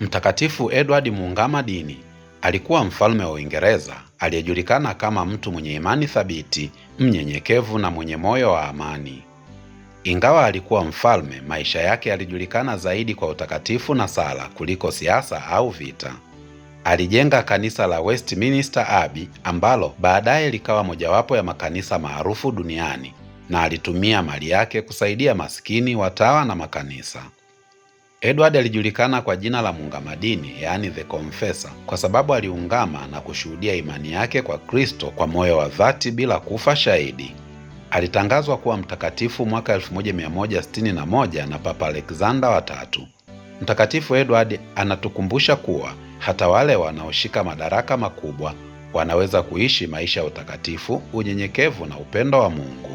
Mtakatifu Edward Muungama Dini alikuwa mfalme wa Uingereza aliyejulikana kama mtu mwenye imani thabiti, mnyenyekevu na mwenye moyo wa amani. Ingawa alikuwa mfalme, maisha yake yalijulikana zaidi kwa utakatifu na sala kuliko siasa au vita. Alijenga kanisa la Westminster Abbey ambalo baadaye likawa mojawapo ya makanisa maarufu duniani na alitumia mali yake kusaidia maskini, watawa na makanisa. Edward alijulikana kwa jina la muunga madini, yaani the confessor, kwa sababu aliungama na kushuhudia imani yake kwa Kristo kwa moyo wa dhati bila kufa shahidi. Alitangazwa kuwa mtakatifu mwaka 1161 na Papa Alexander wa tatu. Mtakatifu Edward anatukumbusha kuwa hata wale wanaoshika madaraka makubwa wanaweza kuishi maisha ya utakatifu, unyenyekevu na upendo wa Mungu.